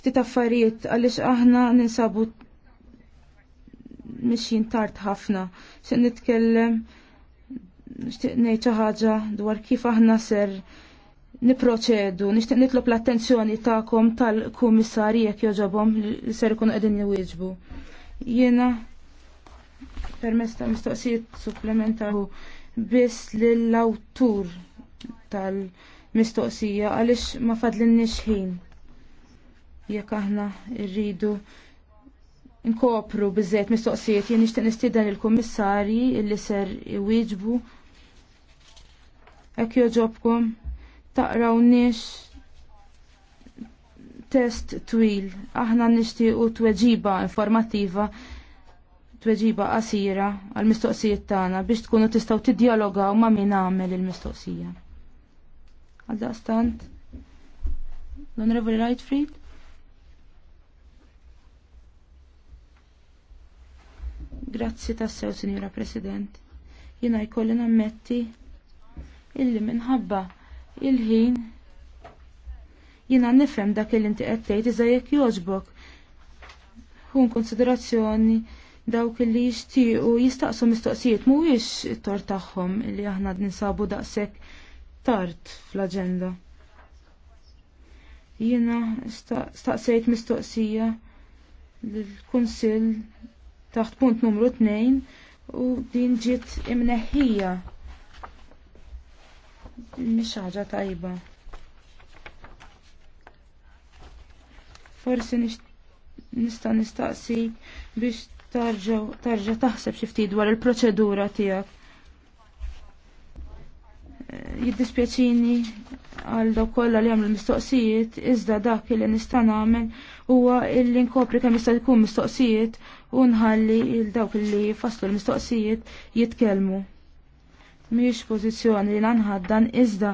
ftit affarijiet għaliex aħna ninsabu mixjin tard ħafna. Se nitkellem nixtieq ngħid xi ħaġa dwar kif aħna ser niproċedu, nixtieq nitlob l-attenzjoni tagħkom tal kummissar jekk jogħġobhom li ser ikunu qegħdin jwieġbu. Jiena permess ta' mistoqsijiet supplementaru biss lill-awtur tal-mistoqsija għaliex ma fadlinniex ħin jekk aħna rridu nkopru biżejt mistoqsijiet jien nixtieq nistieden il-kummissarji li ser iwieġbu hekk joġobkom taqrawniex test twil aħna nixtiequ tweġiba informattiva tweġiba qasira għall mistoqsijiet tagħna biex tkunu tistgħu tiddjalogaw ma' min għamel il-mistoqsija. Għaldaqstant, l-Onorevoli Lightfried? Grazzi tassew, Signora President. Jina jkolli nammetti illi minħabba il-ħin jina nifhem dak il inti qed tgħid iżda jekk jogħġbok ħun konsiderazzjoni dawk li jixtiequ jistaqsu mistoqsijiet mhuwiex it tor tagħhom li aħna ninsabu daqshekk tard fl-aġenda. Jiena staqsejt mistoqsija lill-Kunsill taħt punt numru 2 u din ġiet imneħħija. Mhix ħaġa tajba. Forsi nista' nistaqsi biex tarġa' taħseb xi ftit dwar il-proċedura tiegħek eh, jiddispjaċini għal dawk kollha li għamlu mistoqsijiet, iżda dak li nista' nagħmel huwa illi nkopri kemm jista' jkun mistoqsijiet u nħalli il dawk li faslu l-mistoqsijiet jitkellmu. Mhijiex pożizzjoni li nanħaddan iżda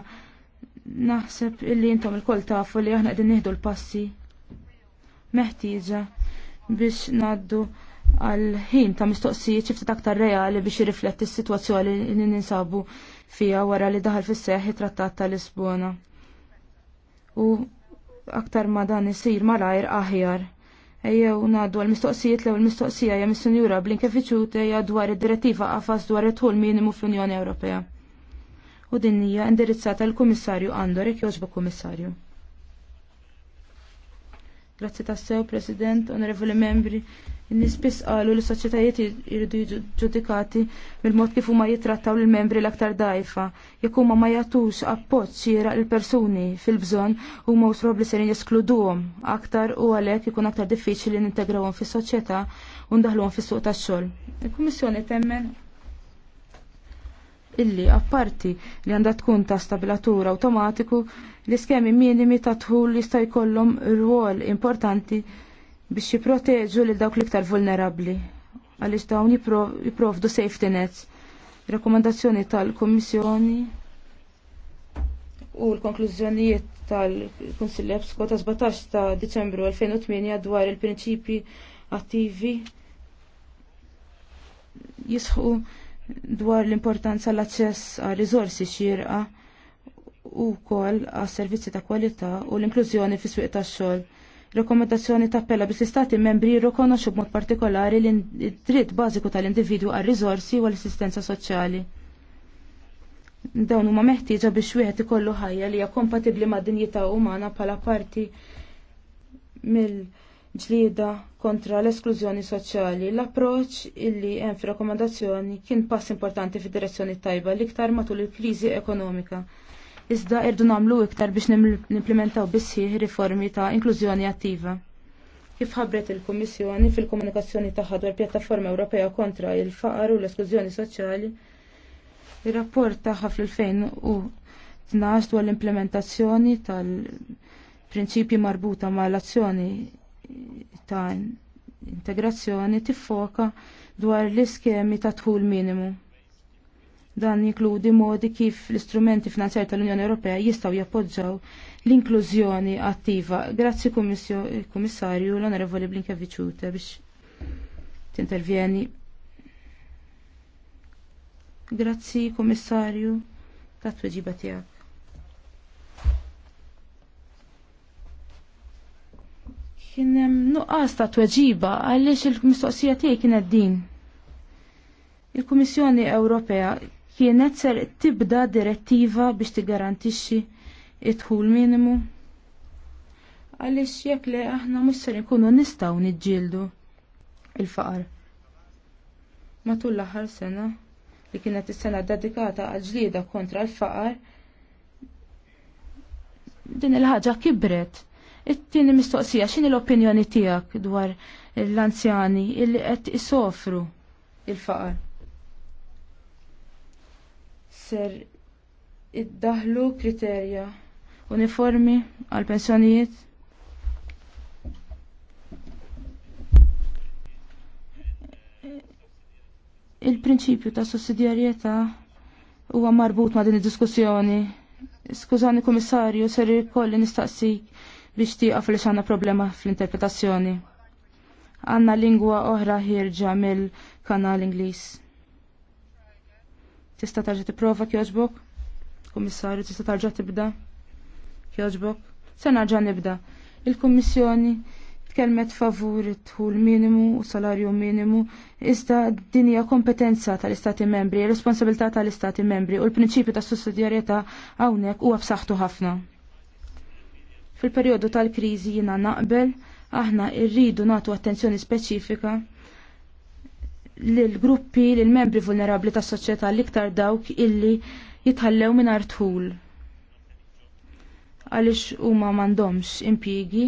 naħseb illi intom il-koll tafu li aħna qegħdin nieħdu l-passi meħtieġa biex naddu għal ħin ta' mistoqsijiet xiftit aktar reali biex jirrifletti s-sitwazzjoni li ninsabu fija wara li daħal fis seħħ it-Trattat ta' Lisbona. U aktar ma dan isir malajr aħjar. Ejjew ngħaddu għal-mistoqsijiet l mistoqsija hija mis-Sinjura Blinkeviċute hija dwar id-direttiva qafas dwar it tul minimu fl-Unjoni Ewropea. U din hija indirizzata l-Kummissarju Andor, jekk jogħġbu Kummissarju. Grazzi tassew, President, onorevoli membri. Nispis qalu li soċjetajiet jiridu ġudikati mill-mod kif huma jitrattaw lill membri l-aktar dajfa. Jekk huma ma jagħtux appoġġ xieraq il-persuni fil-bżonn huma wtrob li se jeskluduhom aktar u għalhekk ikun aktar diffiċli nintegrawhom fis-soċjetà u ndaħluhom fis-suq tax-xogħol. Il-Kummissjoni temmen illi apparti li għandha tkun ta' stabilatura awtomatiku l-iskemi minimi ta' tħul jista' jkollhom rwol importanti biex jipproteġu lil dawk l-iktar vulnerabbli għaliex dawn jipprovdu safety nets. Rekomendazzjoni tal-Kummissjoni u l-konklużjonijiet tal-Kunsill EBSCO ta' 17 ta' Diċembru 2008 dwar il-prinċipi attivi jisħu dwar l-importanza l-aċċess għal riżorsi xirqa u kol għas servizzi ta' kwalità u l-inklużjoni fis swieq tax-xogħol. Rekomendazzjoni ta' appella biex l-istati membri jirrikonoxxu b'mod partikolari l-dritt bażiku tal-individwu għal riżorsi u l-assistenza soċjali. Dawn huma meħtieġa biex wieħed ikollu ħajja li hija kompatibbli mad-dinjità umana bħala parti mill- ġlieda kontra l-esklużjoni soċjali, l-approċ illi hemm fir-rakkomandazzjoni kien pass importanti fid-direzzjoni tajba l-iktar matul il-kriżi ekonomika. Iżda irdu nagħmlu iktar biex nimplementaw bissieħ riformi ta' inklużjoni attiva. Kif ħabbret il-Kummissjoni fil-komunikazzjoni tagħha dwar pjattaforma Ewropea kontra il-faqar u l-esklużjoni soċjali, ir-rapport tagħha fl-2012 dwar l-implementazzjoni tal- prinċipji marbuta mal azzjoni ta' integrazzjoni tiffoka dwar l-iskemi ta' tħul minimu. Dan jinkludi modi kif l-istrumenti finanzjari tal-Unjoni Ewropea jistgħu jappoġġaw l-inklużjoni attiva. Grazzi Kummissarju l-Onorevoli Blinkeviċute biex tintervjeni. Grazzi Kummissarju tat-tweġiba tiegħek. Kien hemm nuqqas ta' tweġiba għaliex il-mistoqsija tiegħi kienet din. Il-Kummissjoni Ewropea kienet ser tibda direttiva biex tigarantixxi id-dħul minimu. Għaliex jekk le aħna mhux ser ikunu nistgħu niġġieldu il-faqar. Matul l-aħħar sena li kienet is-sena dedikata għal ġlieda kontra l-faqar din il-ħaġa kibret It-tieni mistoqsija x'inhi l-opinjoni tiegħek dwar l-anzjani illi qed isofru il-faqar. Ser iddaħlu kriterja uniformi għal pensjonijiet il-prinċipju ta' sussidjarjetà huwa marbut ma' din id-diskussjoni. Skużani, komissarju, ser ikolli nistaqsik biex tieqaf li xana problema fl-interpretazzjoni. Għanna lingwa oħra ħirġa mill-kanal Ingliż. Tista' tarġa tipprova kjoġbok? Kummissarju, tista' tarġa tibda? Kjoġbok? Se narġa' nibda. Il-Kummissjoni tkellmet favur it-tħul minimu u salarju minimu, iżda din hija kompetenza tal-Istati membri, responsabilità tal-Istati membri u l-prinċipju ta' sussidjarjetà hawnhekk huwa b'saħħtu ħafna. Fil-perjodu tal-kriżi jiena naqbel aħna rridu nagħtu attenzjoni speċifika l gruppi l membri vulnerabbli tas-soċjetà l-iktar dawk illi jitħallew mingħajr tħul. Għaliex huma m'għandhomx impjiegi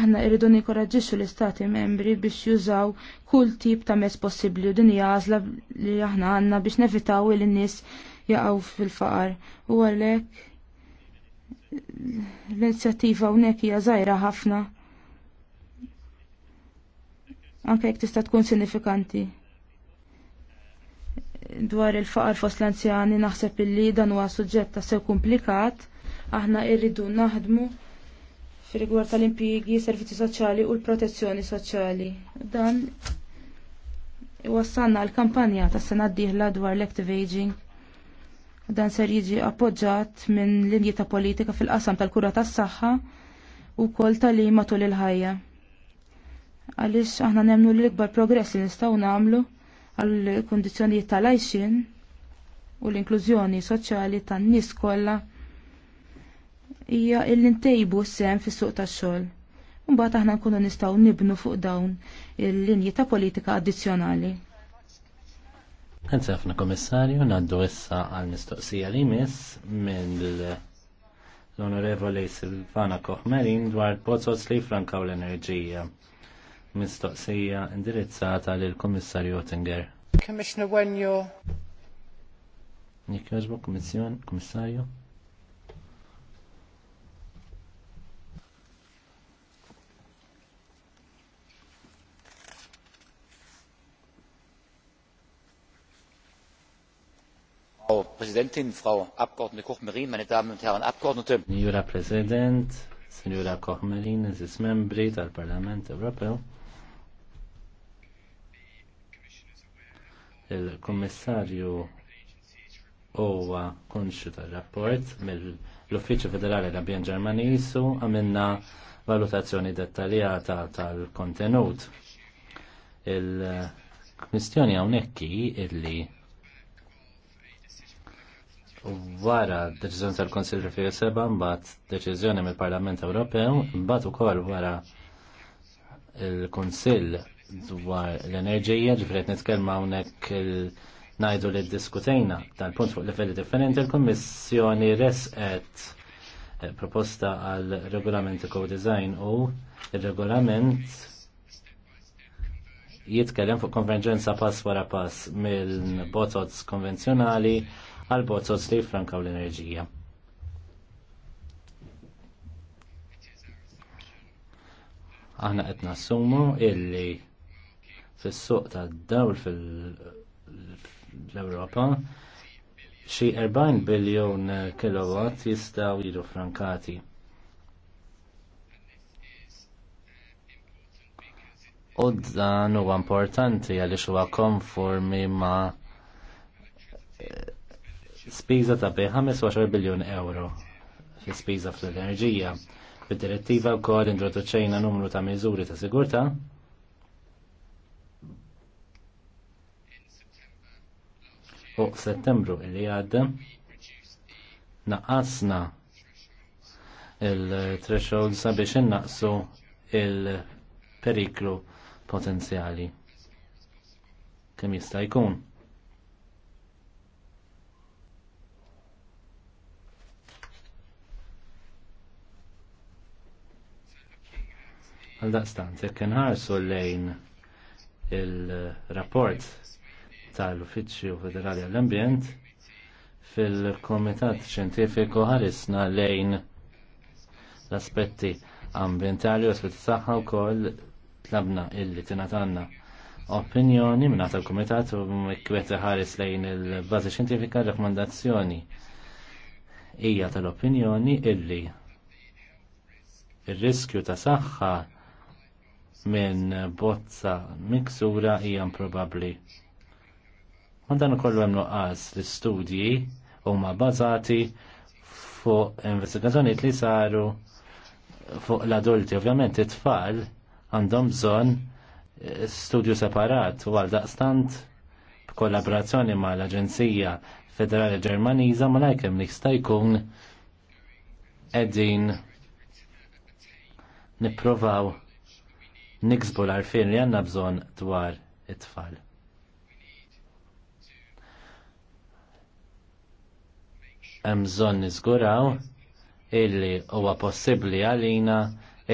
aħna irridu nikoraġġixxu l-istati membri biex jużaw kull tip ta' mezz possibbli u din hija għażla li aħna għandna biex nevitaw il nies jaqgħu fil-faqar. U għalhekk l-inizjattiva hawnhekk hija żgħira ħafna. Anke jekk tista' tkun sinifikanti. Dwar il-faqar fost l-anzjani naħseb illi dan huwa suġġett ta' sew komplikat, aħna rridu naħdmu fir-rigward tal-impjiegi, servizzi soċjali u l-protezzjoni soċjali. Dan iwassanna l-kampanja tas sena d-dieħla dwar l-active aging Dan ser jiġi appoġġat minn linji ta' politika fil-qasam tal-kura tas-saħħa u kol tal-li matul il-ħajja. Għalix aħna nemnu l-ikbar progress li nistaw namlu għal kondizjoni tal ajxin u l-inklużjoni soċjali tan-nies kollha hija l ntejbu s-sem fis-suq tax-xogħol. Mbagħad aħna nkunu nistgħu nibnu fuq dawn il-linji ta' politika addizzjonali. Għanzafna komissarju, naddu issa għal mistoqsija li miss minn l-Onorevoli Silvana Koħmerin dwar pozzos li frankaw l-enerġija. Mistoqsija indirizzata lil komissarju Ottinger. Commissioner, when Nikkaġbu, komissarju. Frau Präsidentin, Frau Abgeordnete Koch-Merin, meine Damen und Herren Abgeordnete. Signora Präsident, Signora Koch-Merin, es ist membri tal-Parlament Ewropew. Il-Kommissarju huwa konxu tal-rapport mill-Uffiċċju Federali tal abjan Ġermanisu għamilna valutazzjoni dettaljata tal-kontenut. Il-kwistjoni hawnhekk illi wara deċiżjoni tal-Konsil fil seba' mbagħad deċiżjoni mill-Parlament Ewropew, mbagħad ukoll wara il-Kunsill dwar l-enerġija, ġifri qed nitkellma hawnhekk ngħidu li ddiskutejna tal-punt fuq livelli differenti, il-Kummissjoni resqet eh, proposta għal regolament co-design u il-regolament jitkellem fuq konverġenza pass wara pass mill-botots konvenzjonali għal bot sostri franka u l-enerġija. Aħna qed nassumu illi fis-suq ta' dawl fil-Ewropa xi 40 biljon kilowatt jistgħu jiġu frankati. U dan huwa importanti għaliex huwa konformi ma' spiża ta' bi 15 biljun euro fi spiża fl-enerġija. Bid-direttiva wkoll introduċejna numru ta' miżuri ta' sigurtà u settembru li għadda naqasna il-threshold sabiex innaqsu il-periklu potenzjali. Kemm jista' jkun? Għaldaqstant, jekk inħarsu lejn il-rapport tal-Uffiċċju Federali għall-Ambjent fil-Komitat Xjentifiku ħarisna lejn l-aspetti ambientali u aspetti saħħa wkoll tlabna illi tingħatanna opinjoni minn tal-Kumitat u kwet ħares lejn il-bażi xjentifika rakkomandazzjoni hija tal-opinjoni illi il riskju ta' saħħa minn bozza miksura hija improbabbli. Ma dan ukoll hemm nuqqas li studji huma bbażati fuq investigazzjonijiet li saru fuq l-adulti. Ovvjament it-tfal għandhom bżonn eh, studju separat u għal daqstant b'kollaborazzjoni ma l-Aġenzija Federali Ġermaniża ma lajkem li sta jkun qegħdin nipprovaw niksbu l-arfin li għanna bżon dwar it-tfal. Hemm bżonn niżguraw illi huwa possibbli għalina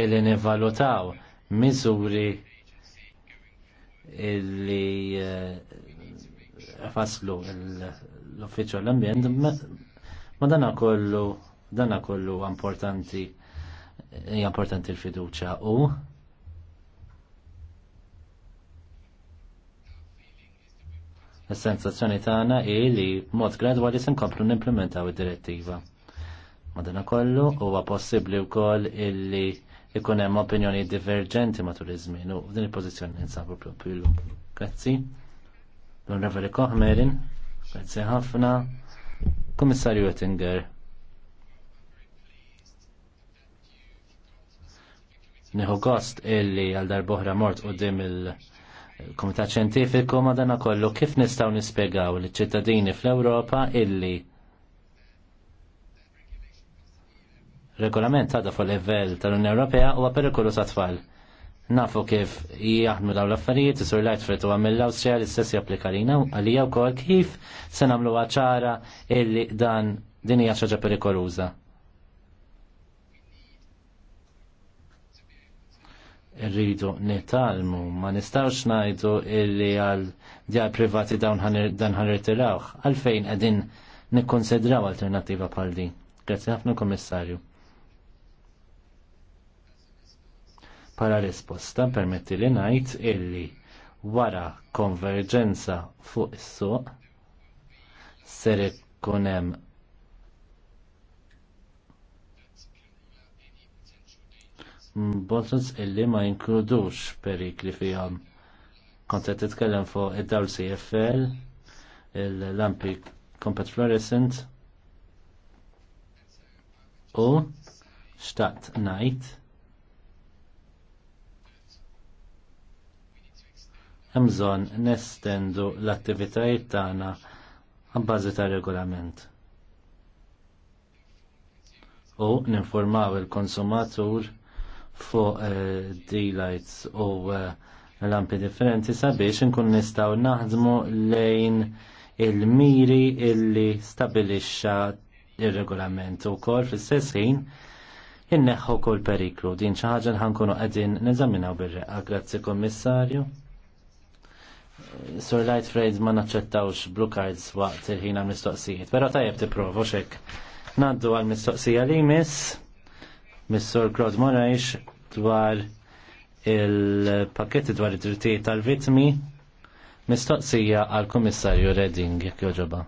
illi nivalutaw miżuri illi eh, faslu l-uffiċċju l-ambjent ma dana kollu dana kollu importanti importanti l-fiduċa u Is-sensazzjoni tagħna hi li mod gradwali se nkomplu nimplementaw id-direttiva. Madanakollu huwa possibbli wkoll illi ikun hemm opinjoni divergenti matul iż-żmien u din il-pożizzjoni ninsabu proprju llum. Grazzi. L-Onorevoli Koch Merin, grazzi ħafna. Kummissarju Oettinger, Nieħu gost illi għal darboħra mort u dim il- komitat ċentifiku ma dana kollu kif nistaw nispiegaw li ċittadini fl-Europa illi regolament għadha fuq level tal-Unjoni Ewropea huwa perikolu sa' tfal. Nafu kif jaħdmu daw l-affarijiet, isur fritu huwa mill-Awstrija li istess japplika lina għalija wkoll kif se nagħmluha ċara illi dan din hija ħaġa perikoluża. rridu netalmu, ma nistawx najdu illi għal djar privati dawn dan ħanirtirawħ, għalfejn għedin nikkonsidraw alternativa pal din. Grazzi ħafna komissarju. Para risposta permetti li najt illi wara konverġenza fuq is-suq ser ikun hemm bottles illi ma jinkludux perikli fihom. Kont qed titkellem fuq id-dawl CFL, il-lampi Compact Fluorescent u xtaqt ngħid. hemm bżonn nestendu l-attivitajiet tagħna għabbażi ta' regolament. U ninformaw il-konsumatur fuq uh, daylights u uh, lampi differenti sabiex nkun nistaw naħdmu lejn il-miri illi stabilixxa il-regolament u kol fl-istess ħin inneħħu kol periklu din xi ħaġa ħankunu qegħdin nizaminaw bir-reqqa. Grazzi Kommissarju. Sur Light Frades ma naċċettawx blue cards waqt il-ħin mistoqsijiet, però tajjeb tipprovu xek. Naddu għal mistoqsija li miss. Mr. Claude Moraes dwar il-pakketti dwar id-drittijiet tal-vitmi mistoqsija għal komissarju Redding jekk joġoba.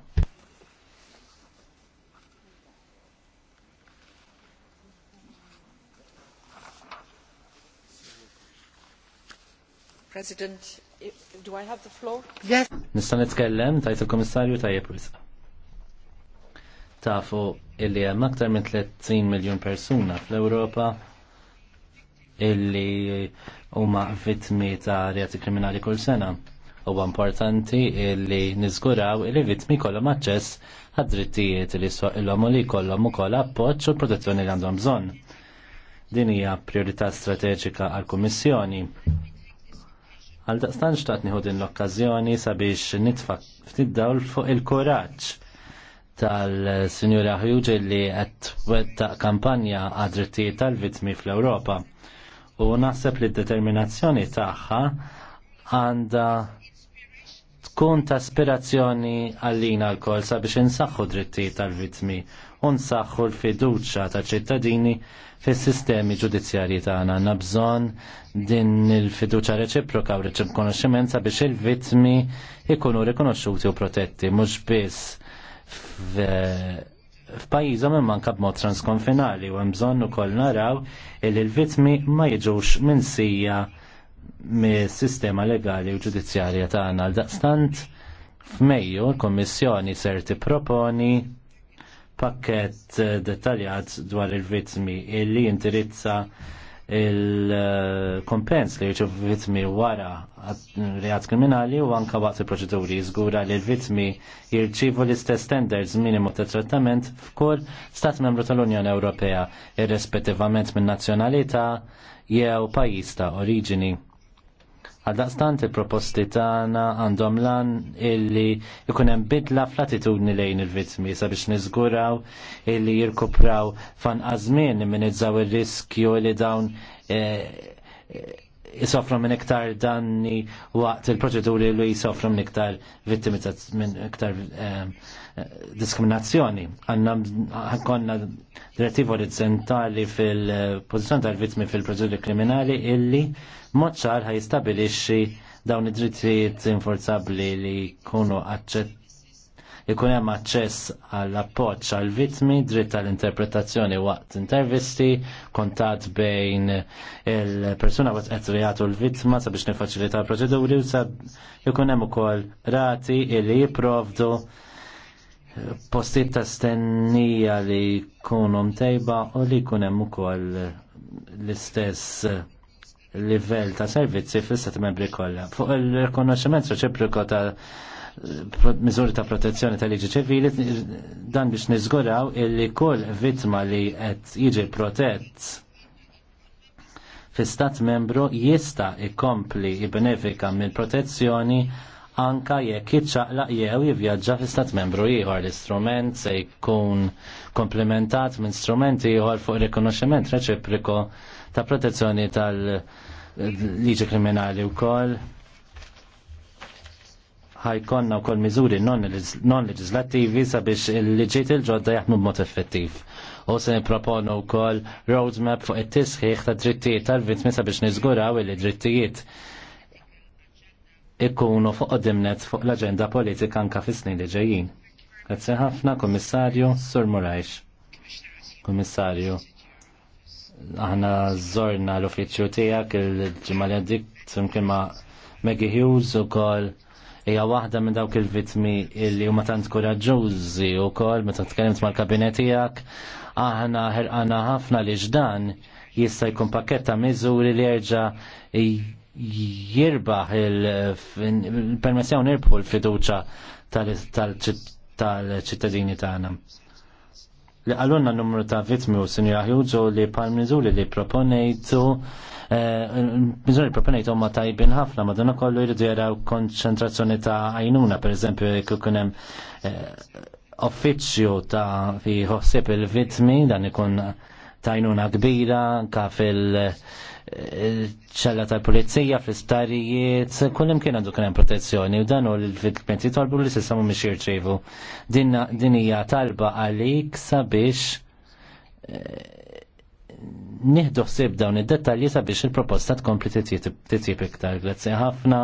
President, do I have the floor? Yes. Nista' nitkellem tajt il-Komissarju tajjeb wisq tafu illi hemm aktar minn 30 miljun persuna fl-Ewropa illi huma vittmi ta' reati kriminali kull sena. Huwa importanti illi niżguraw illi vittmi kollhom aċċess għad-drittijiet li soqilhom u li jkollhom ukoll appoġġ u protezzjoni li għandhom bżonn. Din hija priorità strateġika għall-Kummissjoni. Għal daqstan xtaqt nieħu din l okkażjoni sabiex nitfa' ftit dawl fuq il-kuraġġ tal-Sinjura Hughes li qed wettaq kampanja għad-drittijiet tal-vittmi fl-Ewropa. U naħseb li d-determinazzjoni tagħha għandha tkun ta' aspirazzjoni għallina l-kol sabiex nsaxħu drittijiet tal-vittmi u nsaħħu l-fiduċa ta' ċittadini fis sistemi ġudizzjarji tagħna. għana. bżonn din il-fiduċa reċiproka u reċib konoxximent sabiex il-vittmi ikunu rikonoxxuti u protetti mhux biss f'pajjiżhom imma anke b'mod transkonfinali u hemm bżonn ukoll naraw li l-vittmi ma jiġux minsija mis-sistema legali u ġudizzjarja tagħna għal daqstant f'Mejju l-Kummissjoni ser tipproponi pakket dettaljat dwar il-vittmi illi jindirizza il-kompens li jħuċu vitmi wara reat kriminali u anka waqt il-proċeduri jizgura li l-vitmi jirċivu l-istess standards minimu ta' trattament f'kull stat membru tal-Unjoni Ewropea, irrespettivament minn nazzjonalità jew pajjiż ta' oriġini. Għaldaqstant il-proposti tagħna għandhom lan illi jkun hemm bidla fl-attitudni lejn il-vittmi sabiex niżguraw illi jirkupraw fan żmien minizzaw ir-riskju li dawn eh, jisofra minn iktar danni waqt il-proċeduri li jisofra minn iktar vittimi minn iktar eh, eh, diskriminazzjoni. Għanna konna direttiva orizzontali fil-pozizjoni tal-vittmi fil-proċeduri kriminali illi moċċar ħaj stabilixi dawn id-drittijiet inforzabli li kunu aċċett ikun hemm aċċess għall appoġġ għal vittmi dritt għall interpretazzjoni waqt intervisti, kontat bejn il-persuna waqt qed jagħtu l-vittma sabiex nifaċilita l-proċeduri u sab ikun hemm ukoll rati li jipprovdu postijiet ta' stennija li jkunu mtejba u li jkun hemm ukoll l-istess livell ta' servizzi fl-istat membri kollha. Fuq il-rikonoxximent reċiproko ta' miżuri ta' protezzjoni tal-liġi ċivili dan biex niżguraw illi kull vittma li qed jiġi protett fi stat membru jista' jkompli jibbenefika mill-protezzjoni anka jekk jiċċaqlaq jew jivvjaġġa fi stat membru ieħor l-istrument se jkun komplementat minn strumenti ieħor fuq rikonoxximent reċipriko ta' protezzjoni tal-liġi kriminali wkoll ħajkonna u kol mizuri non-leġislattivi sabiex il-liġiet il-ġodda jaħdmu mod effettiv. U se niproponu kol roadmap fuq it-tisħiħ ta' drittijiet tal-vittmi sabiex nizguraw il-drittijiet ikkunu fuq dimnet fuq l-agenda politika anka fis-snin li ġejjin. Grazzi ħafna, Komissarju Sur Murajx. Komissarju, aħna zorna l-uffiċċju tiegħek il-ġimgħa li għaddik ma' Maggie Hughes u kol hija waħda minn dawk il-vitmi li huma tant kuraġġużi wkoll meta tkellimt mal-kabinet tiegħek aħna ħerqana ħafna li ġdan jista' jkun pakket ta' miżuri li jerġa' jirbaħ il-permessjaw nirbħu l-fiduċa tal-ċittadini tagħna li għalunna numru ta' vitmi u sinjura ħjuġu li pal li proponejtu miżuri li proponejtu eh, ma tajbin ħafna ma dunna kollu jridu jaraw konċentrazzjoni ta' għajnuna per eżempju kukunem uffiċju eh, ta' fi ħossib il-vitmi dan ikun tajnuna kbira anka fil eh, ċella tal-pulizija, fl-istarijiet, kullim kien għandu kien protezzjoni u dan u l vittmenti talbu li s-sissa mu miex jirċivu. Din hija talba għalik sabiex eh, nieħdu ħsieb dawn id-dettalji sabiex il-proposta tkompli titjib iktar. Grazzi ħafna,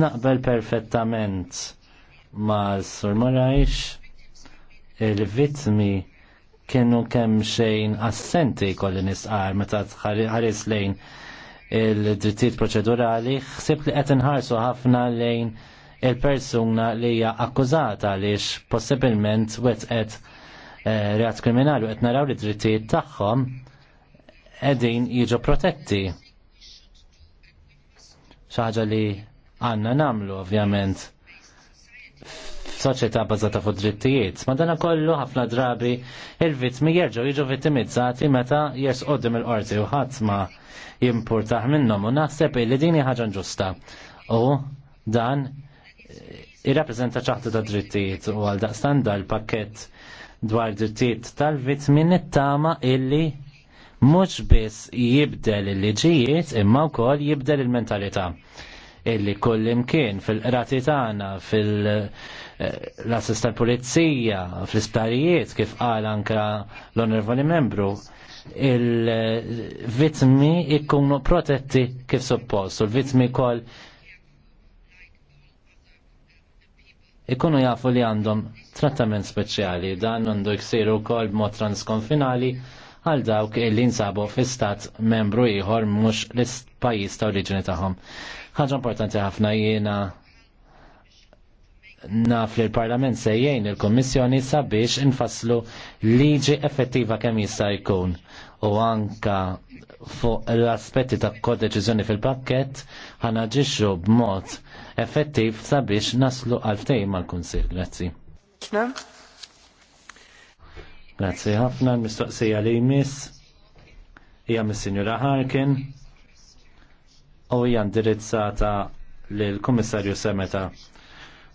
naqbel perfettament ma' Sur Morajx, il-vitmi kienu kemm xejn assenti kolli nisqar meta tħares lejn il-drittijiet proċedurali, ħsib li qed inħarsu ħafna lejn il-persuna li hija akkużata għaliex possibilment wetqet eh, reat kriminali u qed naraw li drittijiet tagħhom qegħdin jiġu protetti. Xi ħaġa li għandna nagħmlu ovvjament soċjetà bażata fuq drittijiet. Madana kollu ħafna drabi il-vittmi jerġgħu jiġu vittimizzati meta jersqoddim il-qorti u ħadd ma jimpurtaħ minnhom u naħseb li din hija ħaġa ġusta. U dan jirrappreżenta ċaħta ta' drittijiet u għal daqstanda l-pakket dwar drittijiet tal-vittmi nittama illi mhux biss jibdel il-liġijiet imma wkoll jibdel il-mentalità illi kull imkien fil-qrati tagħna fil Eh, l-assist tal-pulizija fl-isptarijiet kif qal anka l onorvoli membru il-vitmi ikkunu protetti kif suppost u l-vitmi kol ikunu jafu li għandhom trattament speċjali dan għandu jksiru kol b'mod transkonfinali għal dawk illi nsabu fi stat membru ieħor mhux l pajis ta' oriġini tagħhom. Ħaġa importanti ħafna jiena naf li l-Parlament se jgħin il-Kommissjoni sabiex infasslu liġi effettiva kemm jista' jkun u anka fuq l-aspetti ta' kodeċiżjoni fil-pakket ħanaġixxu b'mod effettiv sabiex naslu għal mal-Kunsill. Grazzi. Grazzi ħafna l-mistoqsija li jmiss hija mis-Sinjura Harkin u hija indirizzata lill-Kummissarju Semeta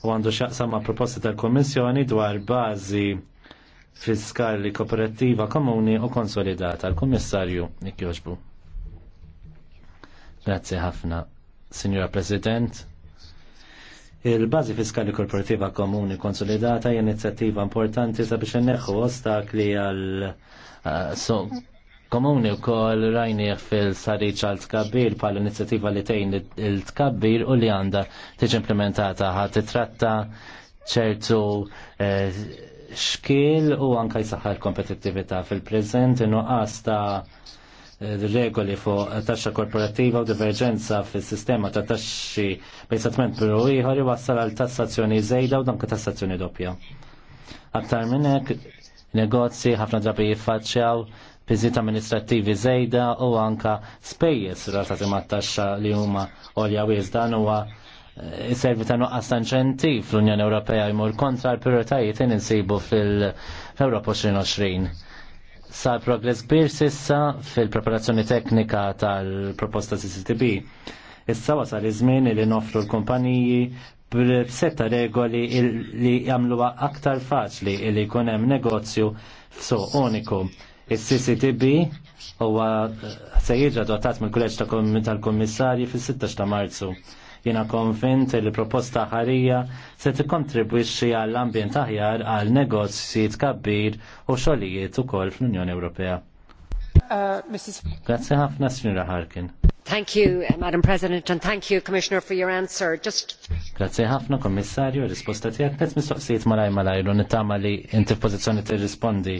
u għandu xaqsa ma' proposta tal komissjoni dwar bażi fiskali kooperativa komuni u konsolidata. l komissarju Nikjoġbu. Grazie ħafna, Signora President. Il-bazi fiskali korporativa komuni konsolidata hija inizjattiva importanti sabiex inneħħu ostakli għal uh, Komuni u kol rajnieh fil sari għal tkabbir pal inizjativa li tejn il-tkabbir u li għanda tiġi implementata ħa titratta ċertu eh, xkil u anka jisaxħar kompetittivita fil-prezent nuqqas ta' regoli fuq taxxa korporattiva u diverġenza fil-sistema ta' taxxi bejsatment peru ieħor wassal għal tassazzjoni żejda u danka tassazzjoni doppja. Aktar minn hekk negozji ħafna drabi jiffaċċjaw biżiet amministrattivi żejda u anka spejjeż relatati mat-taxxa li huma għolja wiz dan huwa eh, servi ta' nuqqas ta' inċentiv fl-Unjoni Ewropea jmur kontra l-prioritajiet insibu fil-Europa 2020. Sa' progress kbir sissa fil-preparazzjoni teknika tal-proposta CCTB. Issa wasal iż-żmien li nofru l-kumpaniji b'setta regoli li jagħmluha aktar faċli li jkun hemm negozju f'suq uniku. Il-CCTB huwa se jiġi adottat mill-Kulleġġ tal-Kummissarji fis-16 ta' Marzu. Jiena konvint li proposta ħarija se tikkontribwixxi għall ambjent aħjar għal negozji tkabbir u xogħlijiet ukoll fl-Unjoni Ewropea. Uh, Grazie ħafna, Sinjura Harkin. Thank you, uh, Madam President, and thank you, Commissioner, for your answer. Just... Grazie ħafna, Kommissarju, risposta tijak. Net mistoqsijiet malaj malajru, nittama li inti pozizjoni ti rispondi.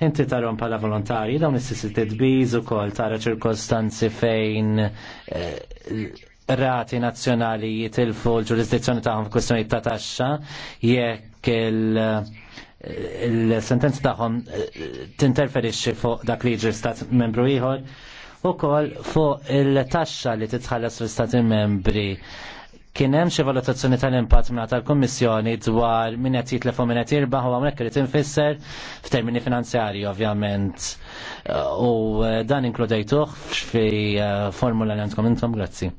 Inti tarom pala volontari, dawn is tidbiz u ukoll tara ċirkostanzi fejn eh, rati nazzjonali jitilfu l-ġurisdizzjoni tagħhom f'kwistjoni ta' taxxa jekk eh, il-sentenzi tagħhom eh, tinterferixxi fuq dak li jiġri membru membru ieħor ukoll fuq il-taxxa li titħallas fl-istati membri Kien hemm xi valutazzjoni tal-impatt minn tal-Kummissjoni dwar min qed jitlef u min qed jirbaħ u hawnhekk irid infisser f'termini finanzjarji ovvjament. U eh, dan inkludejtuh fi eh, formula li għandkom intom, grazzi.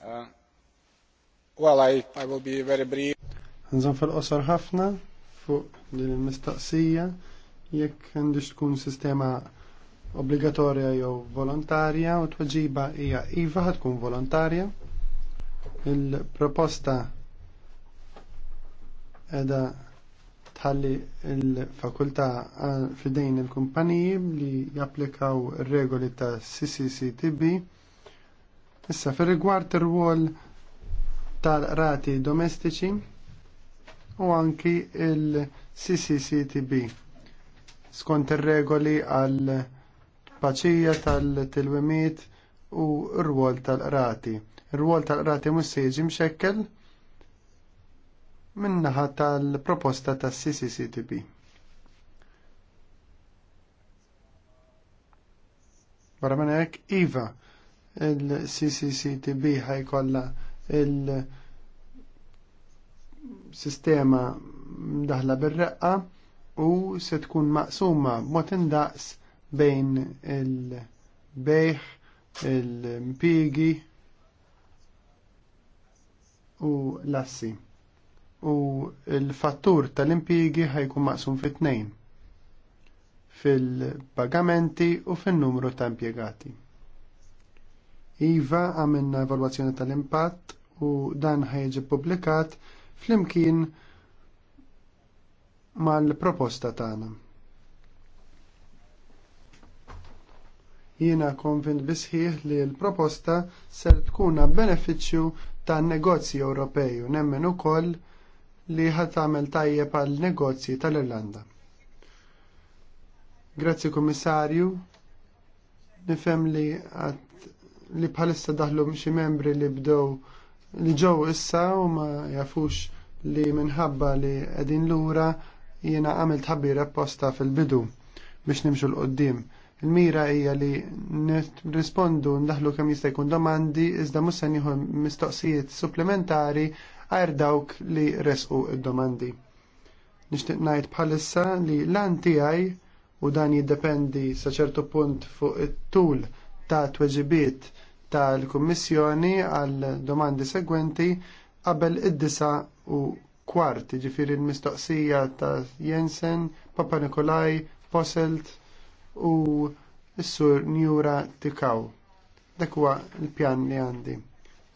Uh, well, I, I will be very brief. Nżon fil-qosor ħafna fuq din il-mistaqsija jekk għandix tkun sistema obbligatorja jew volontarja u tweġiba hija iva ħad tkun volontarja Il-proposta edha tħalli il-fakultà fidejn il-kumpaniji li japplikaw regoli ta' CCCTB. Issa, fir rigward ir-rwol tal-rati domestiċi u anki il-CCCTB skont ir-regoli għal paċija tal-tilwimiet u r-rwol tal-rati il rwol tal-qrati mhux se jiġi mxekkel minnaħa tal-proposta tas-CCCTB. Barra minn hekk iva il-CCCTB ħajkolla il-sistema daħla bir-reqqa u se tkun maqsuma b'mod indaqs bejn il-bejħ, il-mpigi, u l-assi. U l-fattur tal-impjiegi ħajkun maqsum fit-tnejn fil-pagamenti u fin-numru ta' impjegati. Iva għamilna evalwazzjoni tal-impatt u dan ħajġi publikat fl-imkien mal-proposta tagħna. Jiena konvint bisħieħ li l-proposta ser tkun benefiċċju tan negozji Ewropej u nemmen ukoll li ħat tagħmel tajjeb għal negozji tal-Irlanda. Grazzi Kummissarju, nifhem li li bħalissa daħlu xi membri li bdew li ġew issa u ma jafux li minħabba li qegħdin lura jiena għamilt ħabbir apposta fil-bidu biex nimxu l-qoddim. Il-mira hija li nirrispondu ndaħlu kemm jista' jkun domandi iżda mhux se nieħu mistoqsijiet supplementari għar dawk li resqu id-domandi. Nixtieq ngħid bħalissa li l l-an tiegħi u dan jiddependi sa ċertu punt fuq it-tul ta' tweġibiet tal-Kummissjoni għal domandi segwenti qabel id-disa u kwart, ġifiri l-mistoqsija ta' Jensen, Papa Nikolaj, Poselt, u s-sur Njura Tikaw. Dak huwa l-pjan li għandi.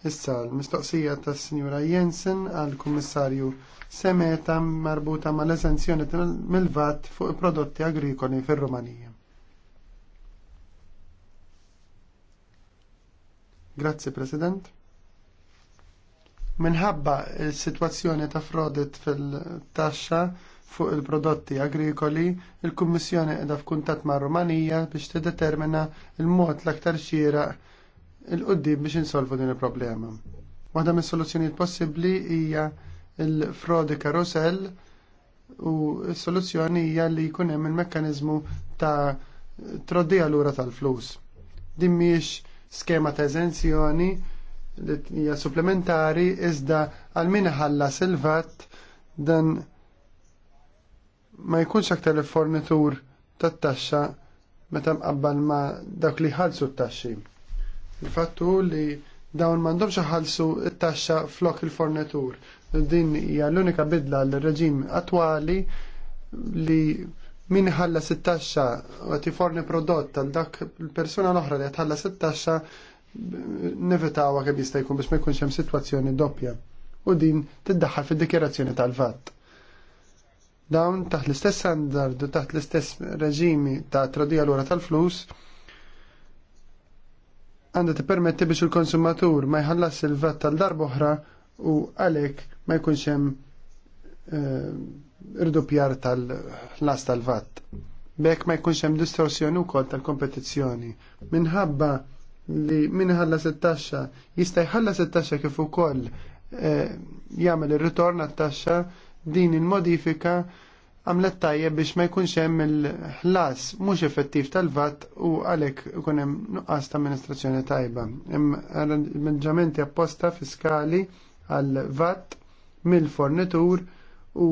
Issa l-mistoqsija tas Sinjura Jensen għal kummissarju Semeta marbuta mal eżenzjoni mill-vat fuq il prodotti agrikoli fir-Rumanija. Grazzi President. Minħabba s-sitwazzjoni ta' frodet fil-taxxa fuq il-prodotti agrikoli, il-Kummissjoni qiegħda f'kuntatt ma' Rumanija biex tiddetermina l-mod l-aktar xieraq il-qoddim biex insolvu din il-problema. Waħda mis soluzzjonijiet possibbli hija il-frodi karusell u s-soluzzjoni hija li jkun hemm il-mekkaniżmu ta' troddija lura tal-flus. Din mhijiex skema ta' eżenzjoni li hija supplementari iżda għal min il silvat dan ma jkunx aktar il-fornitur tat-taxxa meta mqabbal ma dak li ħalsu t-taxxi. Il-fattu li dawn m'għandhomx ħalsu t-taxxa flok il-fornitur. Din hija l-unika bidla l-reġim attwali li min ħallas it-taxxa u forni prodott tal dak il-persuna l-oħra li qed ħallas it-taxxa nevitawha kemm jista' jkun biex ma jkunx hemm sitwazzjoni doppja. U din tiddaħħal fid-dikjerazzjoni tal-vatt dawn taħt l-istess standard u taħt l-istess reġimi ta' tradija l-ora tal-flus għanda t-permetti biex il-konsumatur ma jħallas il-vat tal-darboħra u għalek ma jkunx hemm eh, irdupjar tal-las tal-vat. Bek ma jkunx hemm distorsjoni wkoll tal-kompetizzjoni. Minħabba li min ħallas it-taxxa jista' jħallas it-taxxa kif ukoll eh, jagħmel ir-ritorn għat-taxxa din il-modifika għamlet tajjeb biex ma jkunx hemm il-ħlas mhux effettiv tal-vat u għalhekk ikun hemm nuqqas ta' amministrazzjoni tajba. Hemm arranġamenti apposta fiskali għal vat mill-fornitur u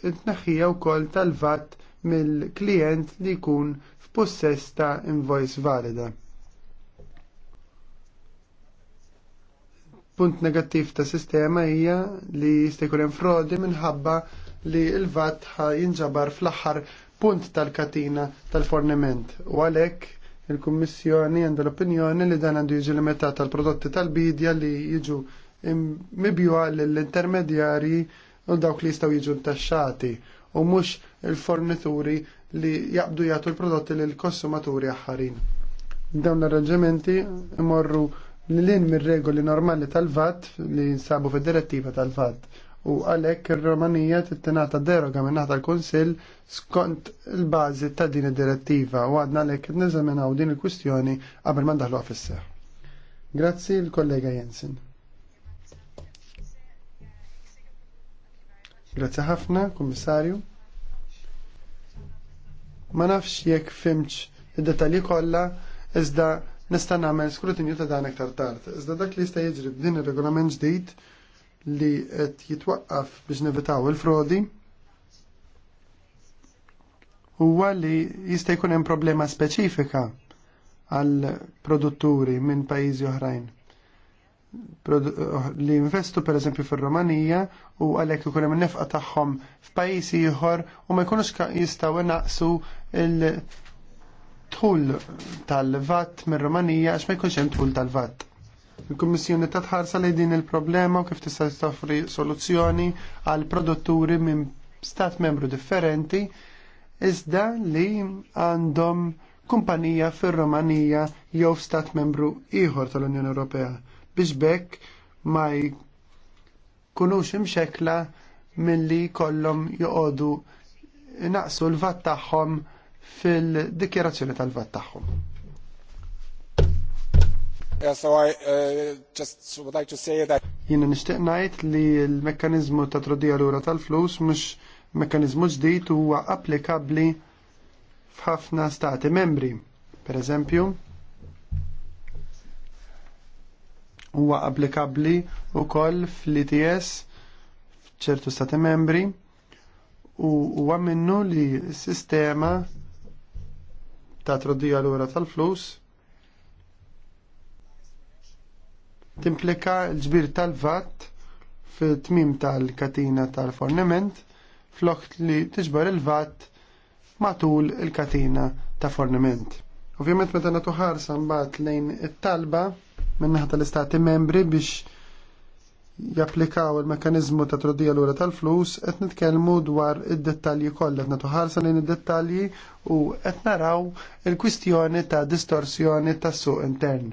t-tneħħija wkoll tal-vat mill-klient li jkun f'possess ta' invoice valida. Punt negattiv ta' sistema hija li jista' jkun hemm frodi minħabba li l-vat jinġabar fl-aħħar punt tal-katina tal-forniment u għalhekk il-Kummissjoni għandha l-opinjoni li dan għandu jiġi limitat tal-prodotti tal-bidja li jiġu mibjuha l-intermedjari u dawk li jistgħu jiġu ntaxxati u mhux il-fornituri li jaqdu jagħtu l-prodotti l konsumaturi aħħarin. Dawn l-arranġamenti imorru l-lin mir-regoli normali tal-VAT li nsabu fid-direttiva tal-VAT u għalhekk ir-Romanija tittenata deroga minn l-Kunsill skont il-bażi ta' din id-direttiva u għadna għalhekk qed neżaminaw din il-kwistjoni qabel ma ndaħluha Grazzi l-kollega Jensen. Grazzi ħafna, Kummissarju. Ma nafx jekk fimx id-detalji kollha iżda nista' nagħmel skrutinju ta' dan iktar tard. Iżda dak li jista' jiġri b'din ir-regolament ġdid li qed jitwaqqaf biex nevitaw il-frodi huwa li jista' jkun hemm problema speċifika għal produtturi minn pajjiżi oħrajn li investu per eżempju fir romanija u għalhekk ikun hemm nefqa tagħhom f'pajjiż ieħor u ma jkunux jistgħu naqsu il-tul tal vatt mir-Romanija għax ma jkunx hemm tul tal vatt Il-Kummissjoni ta' tħarsa li din il-problema u kif tista' toffri soluzzjoni għal produtturi minn stat membru differenti iżda li għandhom kumpanija fir-Romanija jew stat membru ieħor tal-Unjoni Ewropea biex bekk ma jkunux imxekla milli kollhom joqogħdu naqsu l-vat tagħhom fil-dikjerazzjoni tal-vat tagħhom. Yeah, uh, so I uh, just would like to say that Jiena nixtieq ngħid li l-mekkaniżmu ta' trodija lura tal-flus mhux mekkaniżmu ġdid huwa applikabbli f'ħafna stati membri. Per eżempju, huwa applikabbli wkoll fl-ITS f'ċertu stati membri u huwa minnu li s-sistema ta' trodija lura tal-flus timplika l-ġbir tal-vat fil-tmim tal-katina tal-forniment flok li tiġbar il-vat matul il-katina ta' forniment. Ovvijament meta nagħtu ħarsa mbagħad lejn it-talba min-naħa tal-istati membri biex japplikaw il-mekanizmu ta' trodija lura tal-flus qed nitkellmu dwar id-dettalji kollha qed nagħtu ħarsa lejn id-dettalji u qed naraw il-kwistjoni ta' distorsjoni tas-suq intern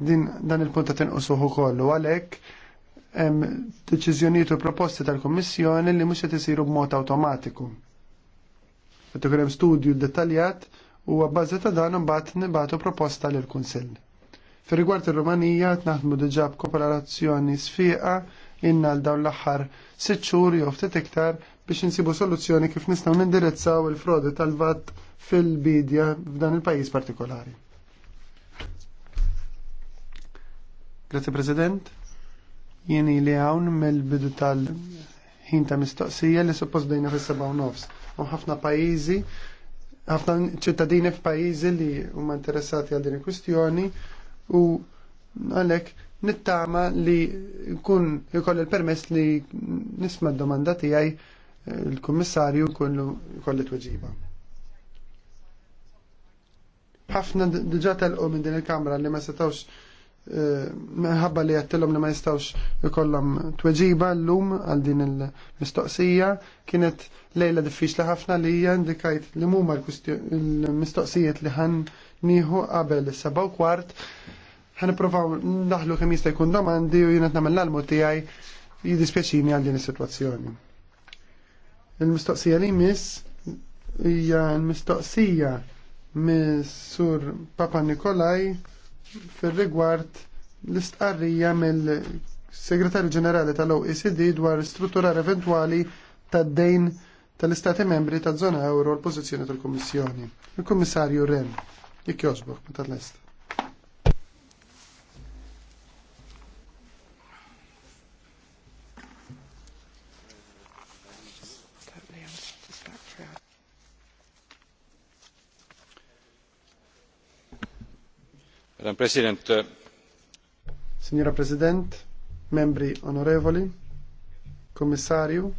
din dan il-punta tinqusuħu kollu għalhekk hemm deċiżjonijiet u proposti tal-Kummissjoni li mhux qed isiru b'mod awtomatiku. Qed ikun hemm studju dettaljat u bbażi ta' dan imbagħad nibagħtu proposta lil kunsill. Fi rigward ir-Rumanija qed naħdmu diġà b'kooperazzjoni sfiqa inna l dawn l-aħħar sitt xhur jew ftit iktar biex insibu soluzzjoni kif nistgħu nindirizzaw il-frodi tal-vat fil-bidja f'dan il-pajjiż partikolari. Grazie President. Jieni li hawn mill-bidu tal-ħin ta' mistoqsija li suppost dajna fis-7 nofs. U ħafna pajjiżi, ħafna ċittadini f'pajjiżi li huma interessati għal din il-kwistjoni u għalhekk nittama li nkun ikoll il-permess li nisma' d-domanda tiegħi eh, il-kummissarju kollu it tweġiba ħafna diġa telqu minn din il-kamra li ma setawx minħabba li għattilom li ma jistawx ikollhom tweġiba l-lum għal din il-mistoqsija kienet lejla diffiċli ħafna li hija indikajt li huma l-mistoqsijiet li ħan nieħu qabel s seba kwart ħanipprovaw naħlu kemm jista' jkun domandi u jenet nagħmel l-almu tiegħi jiddispjaċini għal din is-sitwazzjoni. Il-mistoqsija li mis hija l-mistoqsija mis Sur Papa Nikolaj fil-rigward l-istqarrija mill-Segretarju Ġenerali tal-OECD dwar strutturar eventwali tad-dejn tal-Istati membri taż zona euro l-pożizzjoni tal-Kummissjoni. Il-Kummissarju Ren, jekk ma meta lest. Madam President. Uh, Signora President, membri onorevoli, Kommissarju,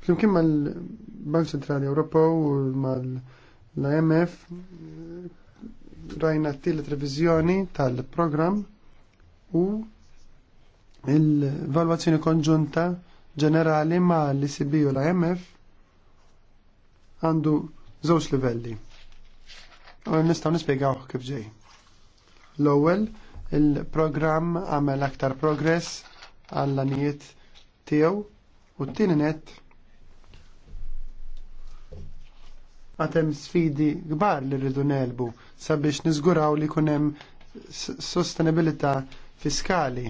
flimkien mal-Bank Centrali Ewropew u mal-IMF rajna t-tielet revizjoni tal-programm u il-valwazzjoni konġunta ġenerali ma l-ICB u l-IMF għandu żewġ livelli u nistgħu kif ġej. L-ewwel il-programm għamel aktar progress għall-anijiet tiegħu u t-tieni net għatem sfidi gbar li rridu nelbu sabiex niżguraw li hemm sostenibilità fiskali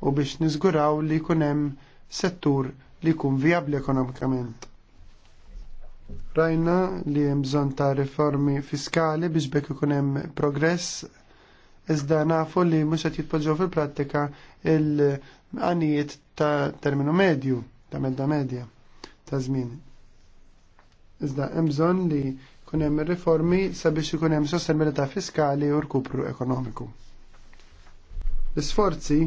u biex niżguraw li hemm settur li kun viabli ekonomikament. Rajna li hemm bżonn ta' riformi fiskali biex bekk ikun hemm progress iżda nafu li mhux qed jitpoġġew fil-prattika il-għanijiet ta' terminu medju, ta' medda medja ta' żmien. Iżda hemm bżonn li jkun hemm riformi sabiex ikun hemm sostenibilità fiskali u rkupru ekonomiku. L-isforzi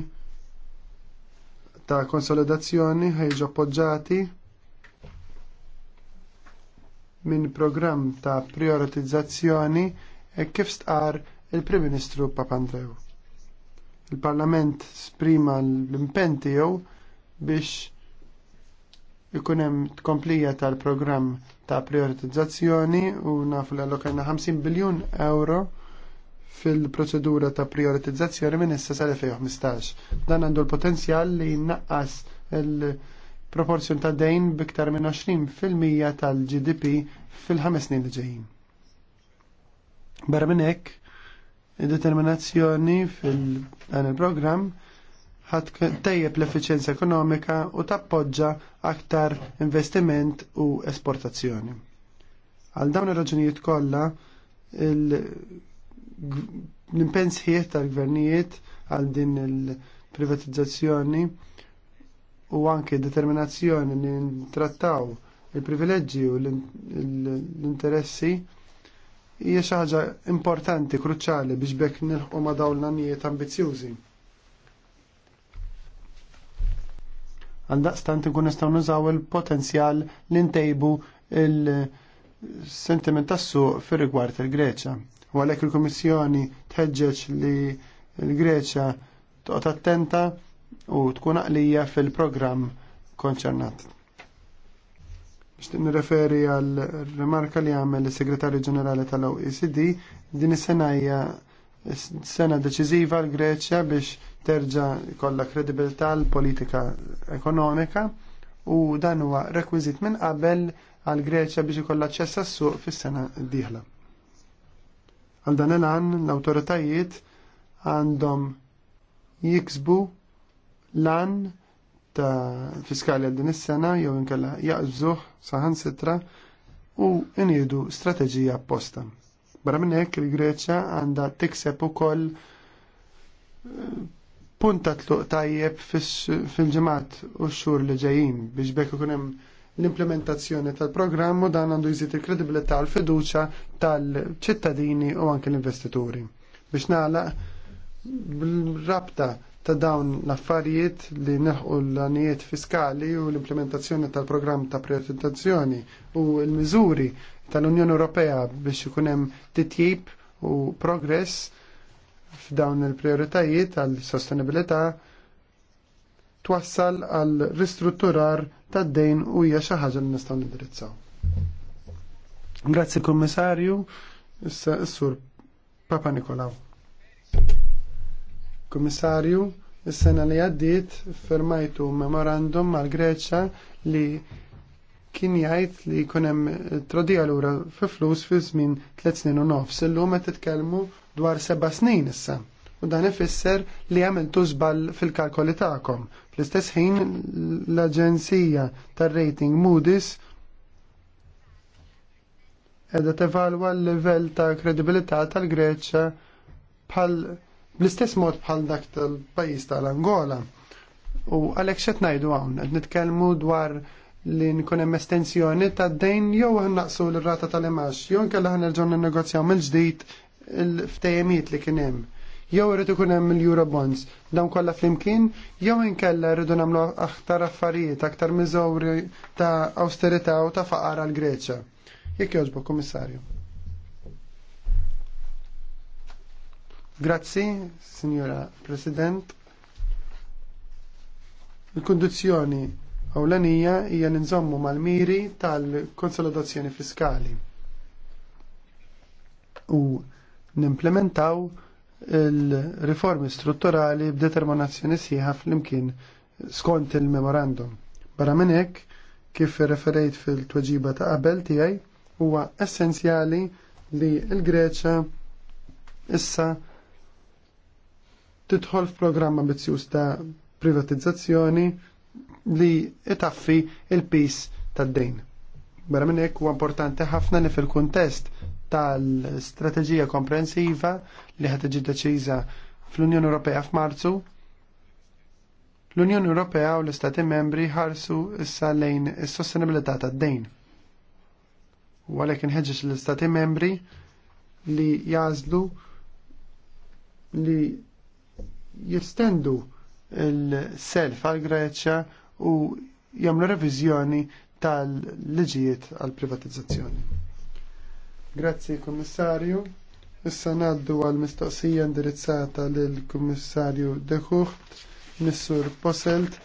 ta' konsolidazzjoni ħejġu appoġġati minn programm ta' prioritizzazzjoni e kif stqar il-Prim Ministru Papandrew. Il-Parlament sprima l-impenn tiegħu biex ikun hemm tkomplija tal-programm ta' prioritizzazzjoni u nafu l allokajna 50 biljun euro fil-proċedura ta' prioritizzazzjoni minn issa sal-2015. Dan għandu l-potenzjal li jnaqqas il- proporzjon ta' dejn biktar minn 20% tal-GDP fil-ħames snin li ġejjin. Barra minn hekk, determinazzjoni fil-dan il-programm ħat tejjeb l-efficienza ekonomika u tappoġġa aktar investiment u esportazzjoni. Għal dawn ir-raġunijiet kollha l impensijiet tal-gvernijiet għal din il-privatizzazzjoni u anke determinazzjoni li nintrattaw il-privileġġi u l-interessi hija xi ħaġa importanti, kruċjali biex bekk nilħqu ma' dawn l-anijiet ambizzjużi. Għaldaqstant ikun nistgħu nużaw il-potenzjal li ntejbu il-sentiment tas-suq fir-rigward il-Greċja. U għalhekk il-Kummissjoni tħeġġeġ li l-Greċja toqgħod attenta u tkun għalija fil-programm konċernat. Nixtieq nirreferi għal rimarka li għamel is-Segretarju Ġenerali tal-OECD din is senajja sena deċiżiva l greċja biex terġa' kolla kredibilità l-politika ekonomika u dan huwa rekwiżit minn qabel għal Greċja biex ikollha aċċess s suq fis-sena d-dieħla. Għal dan il-għan l-awtoritajiet għandhom jiksbu lan ta' fiskali għal din is-sena jew inkella jaqżuh saħan sitra u iniedu strateġija apposta. Barra minn hekk il-Greċja għandha tikseb ukoll eh, punta tluq tajjeb fil-ġemat u x-xhur li ġejjin biex bekk ikun hemm l-implementazzjoni tal-programm u dan għandu jżid il-kredibilità l fiduċja tal-ċittadini u anke l-investituri. Biex nagħlaq bil-rabta ta' dawn l-affarijiet li neħu l-anijiet fiskali u l-implementazzjoni tal-programm ta' prezentazzjoni u l-miżuri tal-Unjoni Ewropea biex ikun hemm titjib u progress f'dawn il-prioritajiet għal sostenibilità twassal għal ristrutturar tad-dejn u hija xi ħaġa li nistgħu nindirizzaw. Grazzi Kummissarju, s-sur Papa Nikolaw. Komissarju, is-sena li għaddiet firmajtu memorandum mal greċja li kien jgħid li jkun hemm trodija lura fi flus fi żmien tliet snin u nofs. Illum qed titkellmu dwar seba' snin issa. U dan ifisser li għamiltu żball fil-kalkoli tagħkom. Fl-istess ħin l-Aġenzija tar-rating Moody's qiegħda tevalwa l-livell ta' kredibilità tal-Greċja bħal Bl-istess mod bħal dak tal-pajis tal-Angola. U għalek xet najdu għawn, għed nitkelmu dwar li nkun hemm estensjoni ta' dejn jew naqsu l-rata tal-imax, jew nkella ħan nerġgħu negozjaw mill-ġdid il-ftejemiet li kien hemm. Jew irid ikun hemm il-Eurobonds dawn kollha flimkien, jew inkella rridu nagħmlu aktar affarijiet, aktar miżuri ta' austerità u ta' faqar għall Greċja. Jekk jogħġbok, Kummissarju. Grazzi, Signora President. Il-konduzzjoni għawlanija hija ninżommu mal-miri tal-konsolidazzjoni fiskali u nimplementaw il-riformi strutturali b'determinazzjoni sieħa fl-imkien skont il-memorandum. Barra minn hekk, kif referejt fil-tweġiba ta' qabel tiegħi, huwa essenzjali li l-Greċa issa tidħol f'programm ambizzjuż ta' privatizzazzjoni li itaffi il-pis tad-dejn. Barra minn hekk huwa importanti ħafna li fil-kuntest tal-strateġija komprensiva li ħad tiġi deċiża fl-Unjoni Ewropea f'Marzu l-Unjoni Ewropea u l-Istati membri ħarsu issa lejn is-sostenibilità tad-dejn. U għalhekk inħeġġeġ l-Istati membri li jażlu li jistendu il-self għal Greċja u jagħmlu reviżjoni tal-liġijiet għal privatizzazzjoni. Grazzi komissarju. Issa ngħaddu għal mistoqsija indirizzata lill komissarju Deħuħt, Missur Poselt.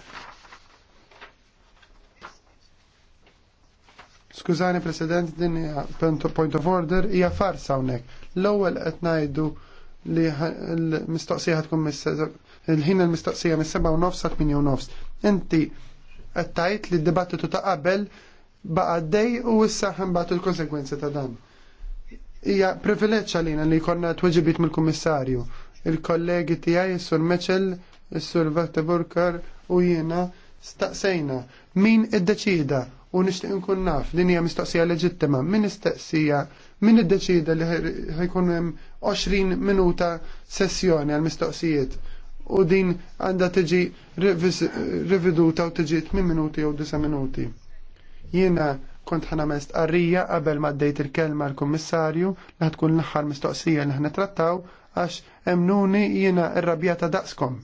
Skużani President, din hija point of order hija farsa hawnhekk. L-ewwel qed ngħidu li l-mistoqsija tkun il-ħin il-mistoqsija mis seba' u nofs sa' minju u nofs. Inti għattajt li d-dibattitu ta' qabel baqa' dej u issa ħambatu l-konsekwenzi ta' dan. Ija privileċċa lina li konna t-wġibit mill-kummissarju. Il-kollegi tiegħi sur Meċel, sur Vateburkar Burkar u jiena staqsejna min iddeċida u nixtieq nkun naf din hija mistoqsija leġittima min istaqsija Min id-deċida li ħajkun hemm 20 minuta sessjoni għal mistoqsijiet u din għandha tiġi riveduta u tiġi 8 minuti jew 9 minuti. Jiena kont mest qarrija qabel ma ddejt il-kelma l-Kummissarju li ħatkun l-aħħar mistoqsija li ħnitrattaw għax emnuni jiena irrabjata daqskom.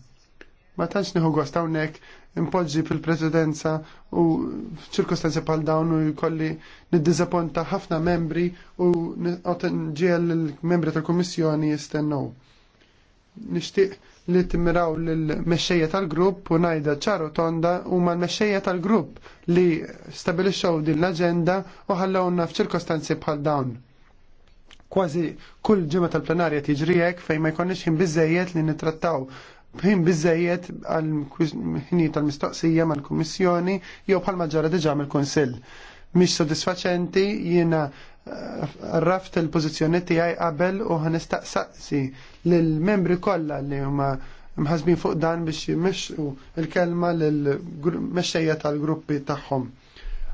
Ma tantx nieħu gost hawnhekk impoġġi fil-presidenza u ċirkostanzi pal dawn u jkolli niddizaponta ħafna membri u ġiel l-membri tal komissjoni jistennu. Nishtiq li timmiraw l mesċeja tal-grupp u najda ċaru tonda u ma l mesċeja tal-grupp li stabilixxew din l-agenda u ħallawna f'ċirkostanzi bħal dawn kważi kull ġimgħa tal-plenarja tiġri hekk fejn ma jkollniex ħin biżejjed li nittrattaw bħin biżejjed għal ħini tal-mistoqsija mal-Kummissjoni jew bħal maġġara diġà mill-Kunsill. Mhix sodisfaċenti jiena eh, raft il pozizjoni tiegħi qabel u ħanistaqsaqsi lill-membri kollha li huma mħazbin fuq dan biex jimmexxu il-kelma l-mexxejja tal-gruppi tagħhom.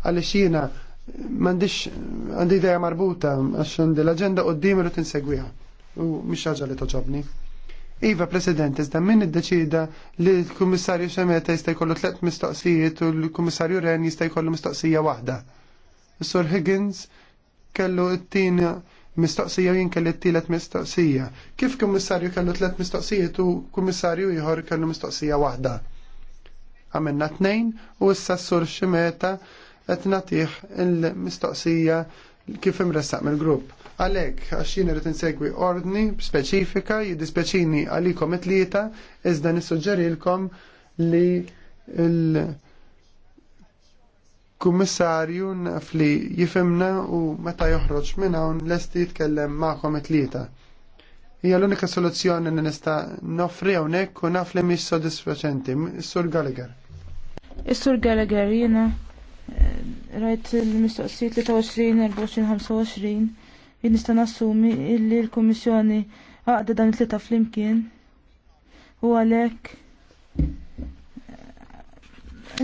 Għaliex jiena m'għandix għandi idea marbuta għax għandi l-aġenda qudiem irid insegwiha u mhix ħaġa li toġobni. Iva, President, iżda min iddeċida li l-Kummissarju Xemeta jista' jkollu tliet mistoqsijiet u l-Kummissarju Ren jista' jkollu mistoqsija waħda. Sur Higgins kellu t-tina mistoqsija u jien t-tielet mistoqsija. Kif kummissarju kellu tliet mistoqsijiet u kummissarju ieħor kellu mistoqsija waħda? Għamilna tnejn u issa sur Xemeta qed nagħtih il-mistoqsija kif imressaq mill-grupp. Għalek, għax jien rrit insegwi ordni, specifika, jiddispeċini għalikom it-tlieta, iżda nissuġġerilkom li l kummissarju naf li jifimna u meta joħroġ minn hawn lesti jitkellem magħhom it-tlieta. Hija l-unika soluzzjoni li nista' nofri hawnhekk u naf li mhix sodisfaċenti. Is-Sur Gallagher. Is-Sur Gallagher jiena eh, rajt il-mistoqsijiet 23, 24, 25 nista' nassumi illi l-Kummissjoni għaqda dan it-tlieta flimkien u għalhekk eh,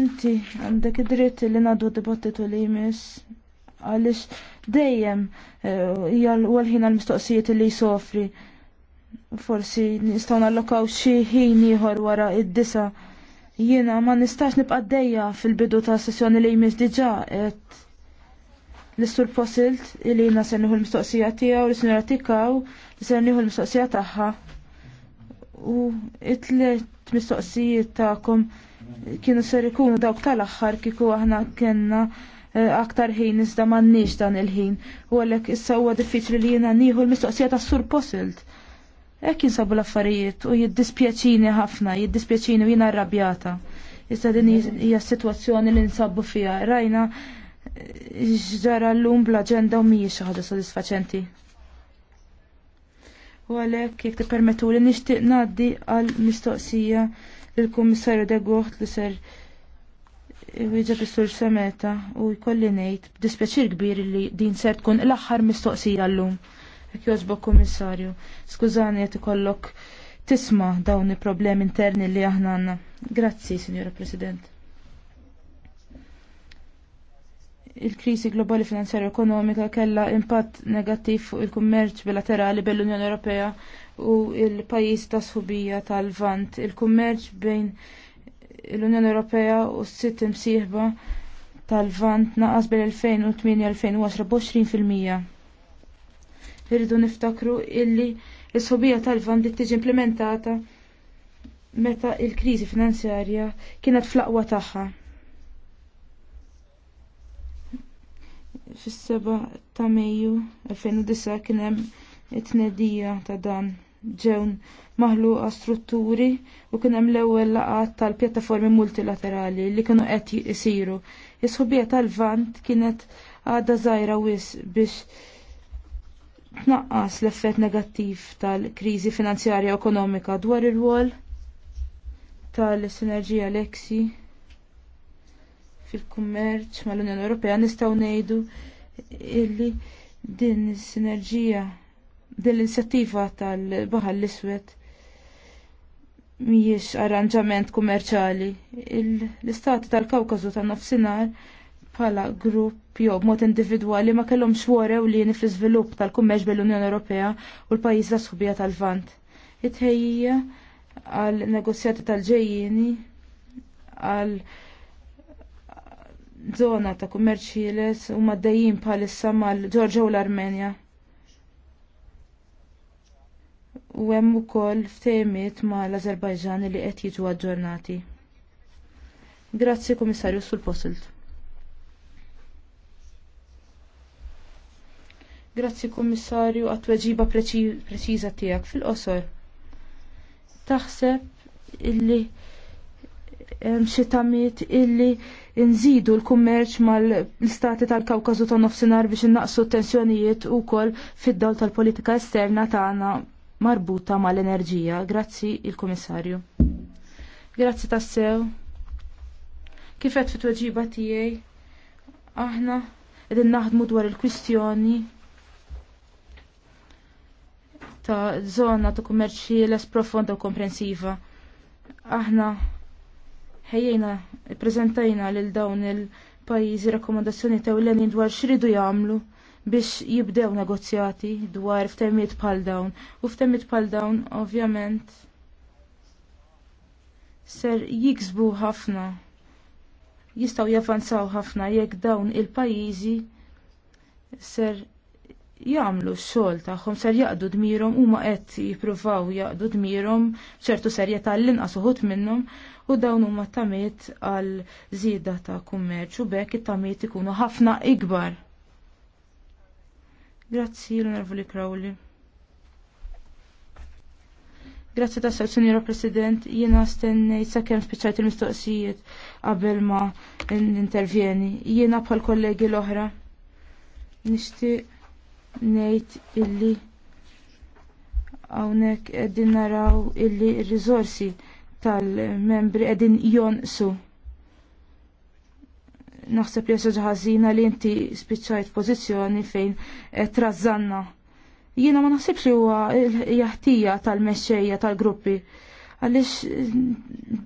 inti għandek id-dritt li ngħaddu u li jmiss għaliex dejjem eh, hija l-ħin għall-mistoqsijiet li jsofri. Forsi nistgħu nallokaw xi ħin ieħor wara id-disa. Jiena ma nistax nibqa' dejja fil-bidu ta' sessjoni li jmiss diġà qed l-istur posilt li jina ser l-mistoqsija tiegħu li sinjora tikaw li ser nieħu l-mistoqsija tagħha. U it let mistoqsijiet tagħkom kienu ser ikunu dawk tal-aħħar kieku aħna kellna eh, aktar ħin iżda m'għandniex dan il-ħin. U għalhekk issa huwa diffiċli li jiena nieħu l-mistoqsija tas-sur posilt. Hekk jinsabu l-affarijiet u jiddispjaċini ħafna, jiddispjaċini u jiena rrabjata. Issa din hija s-sitwazzjoni li nsabu fiha. Rajna ġara l-lum bl-agenda u mhijiex ħaġa sodisfaċenti. U għalhekk jekk permetu li nixtieq ngħaddi għal mistoqsija lill-Kummissarju de Gucht li ser wieġeb bistur semeta u jkolli ngħid dispieċir kbir li din ser tkun l-aħħar mistoqsija llum. Jekk jogħġbok Kummissarju, skużani qed ikollok tisma' dawn il-problemi interni li aħna għandna. Grazzi, Signora President. il-krisi globali finanzjarja ekonomika kella impatt negattiv fuq il-kummerċ bilaterali bell-Unjoni Ewropea u il-pajjiż ta' sħubija tal-Vant. Il-kummerċ bejn l-Unjoni Ewropea u s-sitt imsieħba tal-Vant naqas bil 2008 2020 fil-mija. Irridu niftakru illi l sħubija tal-Vant li tiġi implementata meta il krisi finanzjarja kienet flaqwa tagħha fis-7 ta' Mejju 2009 kien hemm it-tnedija ta' dan ġew maħluqa strutturi u kien hemm l-ewwel laqgħat tal-pjattaformi multilaterali li kienu qed isiru. Is-ħubija tal-Vant kienet għadha żgħira wis biex tnaqqas l-effett negattiv tal-kriżi finanzjarja ekonomika dwar ir-rwol tal-sinerġija Lexi fil-kummerċ mal-Unjoni Ewropea nistgħu ngħidu illi din is-sinerġija din l-inizjattiva tal-Baħar l-Iswed mhijiex arranġament kummerċali. L-istati tal-Kawkażu tan-nofsinhar bħala grupp jew b'mod individwali ma kellhomx worew li fl-iżvilupp tal-kummerċ bil-Unjoni Ewropea u l-pajjiż tas subija tal-Vant. It-ħejjija għal negozjati tal-ġejjieni għal zona ta' kummerċ ħieles u maddajin bħalissa mal-Ġorġa u l-Armenja. U hemm ukoll ftehimiet mal-Azerbajġan li qed jiġu aġġornati. Grazzi Kummissarju sul posilt Grazzi Kummissarju għat tweġiba preċiża tiegħek fil-qosor. Taħseb illi xi illi nżidu l-kummerċ mal-istati tal kawkazu ta' nofsinhar biex innaqsu t-tensjonijiet ukoll fid-dawl tal-politika esterna tagħna marbuta mal-enerġija. Grazzi il-Kummissarju. Grazzi tassew. Kif qed fit-tweġiba tiegħi aħna qegħdin naħdmu dwar il-kwistjoni ta' zona ta' kummerċi l profonda u komprensiva. Aħna ħejjejna prezentajna lil dawn il-pajjiżi rakkomandazzjoni tewlenin dwar x'ridu jagħmlu biex jibdew negozjati dwar f'temmiet bħal dawn. U f'temmiet pal dawn, ovvjament, ser jiksbu ħafna, jistaw javanzaw ħafna jekk dawn il-pajjiżi ser jagħmlu x-xogħol tagħhom ser jaqdu dmirhom huma qed jippruvaw jaqdu dmirhom ċertu serjetà l-inqas uħud minnhom u dawn huma tamiet għal żieda ta' kummerċ u bekk it-tamiet ikunu ħafna ikbar. Grazzi l-onorevoli Crowley. Grazzi ta' sew President, jiena stennej sakemm spiċċajt il-mistoqsijiet qabel ma intervjeni. Jiena bħal kollegi l-oħra nixtieq ngħid illi hawnhekk qegħdin naraw illi r-riżorsi il tal-membri edin jonqsu. Naħseb li jasaġa ħażina li inti spiċċajt pożizzjoni fejn trażanna. Jiena ma naħsibx li huwa jaħtija tal-mexxejja tal-gruppi għaliex mm,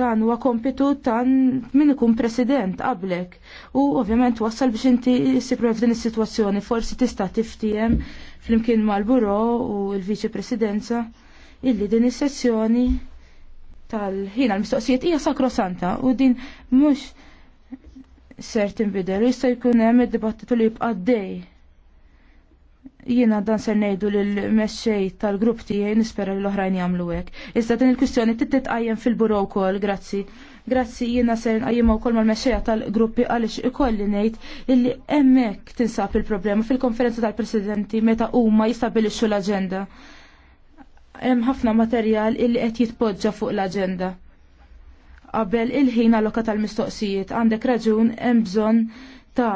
dan huwa kompitu tan min ikun president qablek. U ovvjament wassal biex inti issibru f'din is-sitwazzjoni forsi tista' tiftijem flimkien mal-buro u l-viċi presidenza illi din is-sessjoni tal-ħina l-mistoqsijiet hija sakrosanta u din mhux ser tinbidel u jista' jkun hemm id-dibattitu li jibqa' dej. Jiena dan ser ngħidu lil mexxej tal-grupp tiegħi nispera li l-oħrajn jagħmlu hekk. Iżda din il-kwistjoni titqajjem fil-buro wkoll, grazzi. Grazzi jiena ser nqajjimha wkoll mal-mexxejja tal-gruppi għaliex ikolli ngħid illi hemmhekk tinsab il-problema fil-konferenza tal-presidenti meta huma jistabilixxu l-aġenda hemm ħafna materjal illi qed jitpoġġa fuq l-aġenda. Qabel il-ħin alloka tal-mistoqsijiet għandek raġun hemm bżonn ta'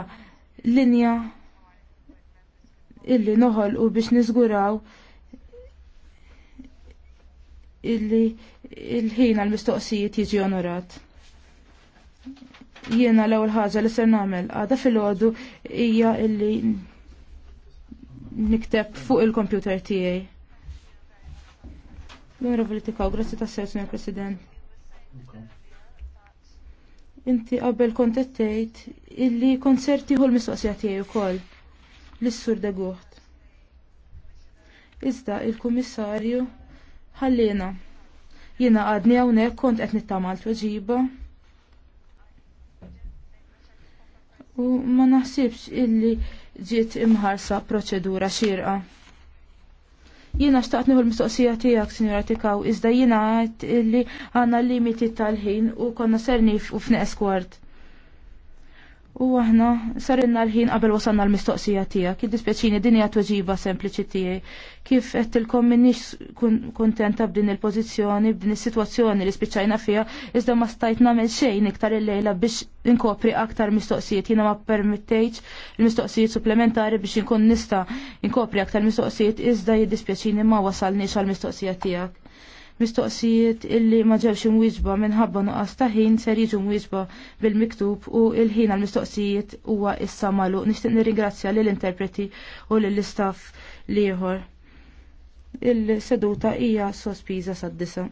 linja illi noħolqu biex niżguraw illi il-ħin għal-mistoqsijiet jiġi onorat. Jiena l-ewwel ħaġa li ser nagħmel għada fil hija illi nikteb fuq il-kompjuter tiegħi. L-Onorevoli Tikaw, grazzi ta' sew, Sr. President. Inti qabel kont qed tgħid illi konserti hu l-mistoqsija tiegħi wkoll l-issur deguħt. Iżda il-Kummissarju ħallina. Jiena għadni hawnhekk kont qed nittamal tweġiba. U ma naħsibx illi ġiet imħarsa proċedura xirqa. Jiena xtaqt nieħu l-mistoqsija tiegħek, Sinjora Tikaw, iżda jiena għedt li għandna limiti tal-ħin u konna ser u f'neqs kwart. U aħna sarinna l-ħin qabel wasanna l-mistoqsija tiegħek. kif dispieċini din hija tweġiba sempliċi tiegħi. Kif qed minnix kuntenta b'din il-pożizzjoni, b'din is-sitwazzjoni li spiċċajna fiha, iżda ma stajt nagħmel xejn iktar illejla biex inkopri aktar mistoqsijiet. Jiena ma permettejx il-mistoqsijiet supplementari biex inkun nista' inkopri aktar mistoqsijiet iżda jiddispjaċini ma wasalniex għall-mistoqsija tiegħek mistoqsijiet illi ma ġewx imwieġba minħabba nuqqas ta' ħin ser jiġu mwiġba bil-miktub u il-ħin għal mistoqsijiet huwa issa malu. Nixtieq nirringrazzja lill interpreti u lill istaff liħor. Il-seduta hija sospiża sad-disa.